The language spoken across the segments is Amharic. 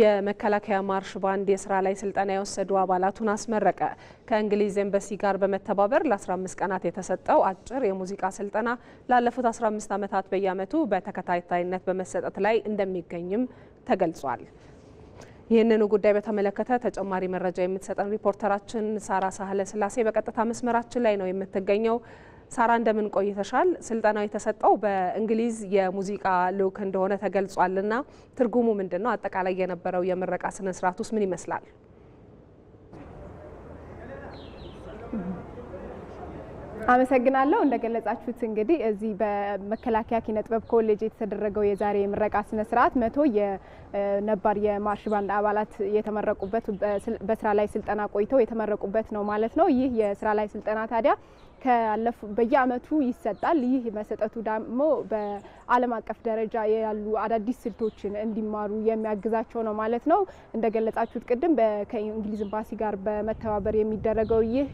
የመከላከያ ማርሽ ባንድ የስራ ላይ ስልጠና የወሰዱ አባላቱን አስመረቀ። ከእንግሊዝ ኤምባሲ ጋር በመተባበር ለ15 ቀናት የተሰጠው አጭር የሙዚቃ ስልጠና ላለፉት 15 ዓመታት በየአመቱ በተከታታይነት በመሰጠት ላይ እንደሚገኝም ተገልጿል። ይህንኑ ጉዳይ በተመለከተ ተጨማሪ መረጃ የምትሰጠን ሪፖርተራችን ሳራ ሳህለ ስላሴ በቀጥታ መስመራችን ላይ ነው የምትገኘው። ሳራ እንደምን ቆይተሻል? ስልጠናው የተሰጠው በእንግሊዝ የሙዚቃ ልዑክ እንደሆነ ተገልጿል እና ትርጉሙ ምንድን ነው? አጠቃላይ የነበረው የምረቃ ስነ ስርዓት ውስጥ ምን ይመስላል? አመሰግናለሁ። እንደገለጻችሁት እንግዲህ እዚህ በመከላከያ ኪነ ጥበብ ኮሌጅ የተደረገው የዛሬ የምረቃ ስነ ስርዓት መቶ የነባር የማርሽ ባንድ አባላት የተመረቁበት በስራ ላይ ስልጠና ቆይተው የተመረቁበት ነው ማለት ነው። ይህ የስራ ላይ ስልጠና ታዲያ ከአለፉ በየአመቱ ይሰጣል። ይህ መሰጠቱ ደግሞ በዓለም አቀፍ ደረጃ ያሉ አዳዲስ ስልቶችን እንዲማሩ የሚያግዛቸው ነው ማለት ነው። እንደገለጻችሁት ቅድም ከእንግሊዝ ኤምባሲ ጋር በመተባበር የሚደረገው ይህ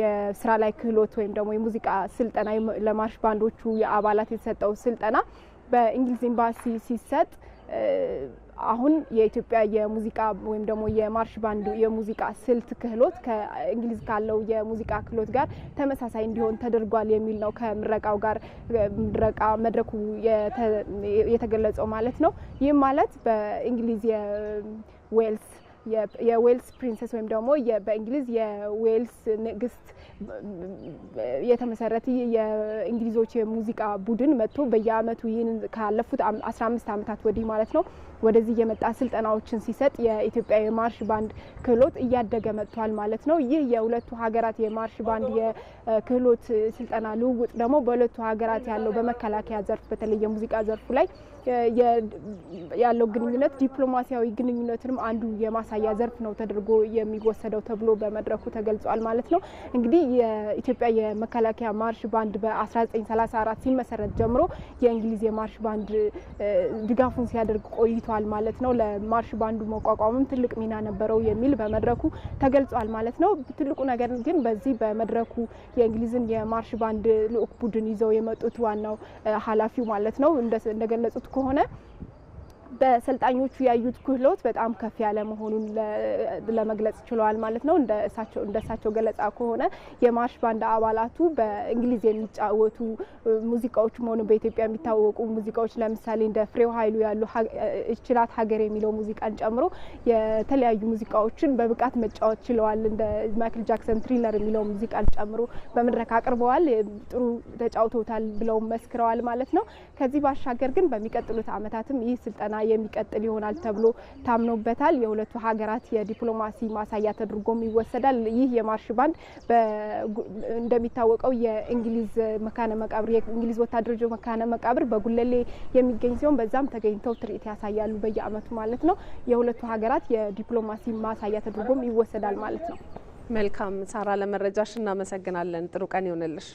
የስራ ላይ ክህሎት ወይም ደግሞ የሙዚቃ ስልጠና ለማርሽ ባንዶቹ የአባላት የተሰጠው ስልጠና በእንግሊዝ ኤምባሲ ሲሰጥ አሁን የኢትዮጵያ የሙዚቃ ወይም ደግሞ የማርሽ ባንድ የሙዚቃ ስልት ክህሎት ከእንግሊዝ ካለው የሙዚቃ ክህሎት ጋር ተመሳሳይ እንዲሆን ተደርጓል የሚል ነው ከምረቃው ጋር ምረቃ መድረኩ የተገለጸው ማለት ነው። ይህም ማለት በእንግሊዝ የዌልስ የዌልስ ፕሪንሰስ ወይም ደግሞ በእንግሊዝ የዌልስ ንግስት የተመሰረተ የእንግሊዞች የሙዚቃ ቡድን መጥቶ በየአመቱ ይህን ካለፉት አምስት ዓመታት ወዲህ ማለት ነው ወደዚህ እየመጣ ስልጠናዎችን ሲሰጥ የኢትዮጵያ የማርሽ ባንድ ክህሎት እያደገ መጥቷል ማለት ነው። ይህ የሁለቱ ሀገራት የማርሽ ባንድ የክህሎት ስልጠና ልውውጥ ደግሞ በሁለቱ ሀገራት ያለው በመከላከያ ዘርፍ በተለይ የሙዚቃ ዘርፉ ላይ ያለው ግንኙነት ዲፕሎማሲያዊ ግንኙነትንም አንዱ የማሳ ማሳያ ዘርፍ ነው ተደርጎ የሚወሰደው ተብሎ በመድረኩ ተገልጿል ማለት ነው። እንግዲህ የኢትዮጵያ የመከላከያ ማርሽ ባንድ በ1934 ሲመሰረት ጀምሮ የእንግሊዝ የማርሽ ባንድ ድጋፉን ሲያደርግ ቆይቷል ማለት ነው። ለማርሽ ባንዱ መቋቋምም ትልቅ ሚና ነበረው የሚል በመድረኩ ተገልጿል ማለት ነው። ትልቁ ነገር ግን በዚህ በመድረኩ የእንግሊዝን የማርሽ ባንድ ልኡክ ቡድን ይዘው የመጡት ዋናው ኃላፊው ማለት ነው እንደገለጹት ከሆነ በሰልጣኞቹ ያዩት ክህሎት በጣም ከፍ ያለ መሆኑን ለመግለጽ ችለዋል ማለት ነው። እንደሳቸው ገለጻ ከሆነ የማርሽ ባንድ አባላቱ በእንግሊዝ የሚጫወቱ ሙዚቃዎች መሆኑ በኢትዮጵያ የሚታወቁ ሙዚቃዎች ለምሳሌ እንደ ፍሬው ኃይሉ ያሉ እችላት ሀገር የሚለው ሙዚቃን ጨምሮ የተለያዩ ሙዚቃዎችን በብቃት መጫወት ችለዋል። እንደ ማይክል ጃክሰን ትሪለር የሚለው ሙዚቃን ጨምሮ በመድረክ አቅርበዋል። ጥሩ ተጫውተውታል ብለው መስክረዋል ማለት ነው። ከዚህ ባሻገር ግን በሚቀጥሉት ዓመታትም ይህ ስልጠና የሚቀጥል ይሆናል ተብሎ ታምኖበታል። የሁለቱ ሀገራት የዲፕሎማሲ ማሳያ ተድርጎም ይወሰዳል። ይህ የማርሽ ባንድ እንደሚታወቀው የእንግሊዝ መካነ መቃብር የእንግሊዝ ወታደሮች መካነ መቃብር በጉለሌ የሚገኝ ሲሆን በዛም ተገኝተው ትርኢት ያሳያሉ በየአመቱ ማለት ነው። የሁለቱ ሀገራት የዲፕሎማሲ ማሳያ ተድርጎም ይወሰዳል ማለት ነው። መልካም ሳራ፣ ለመረጃሽ እናመሰግናለን። ጥሩ ቀን ይሆንልሽ።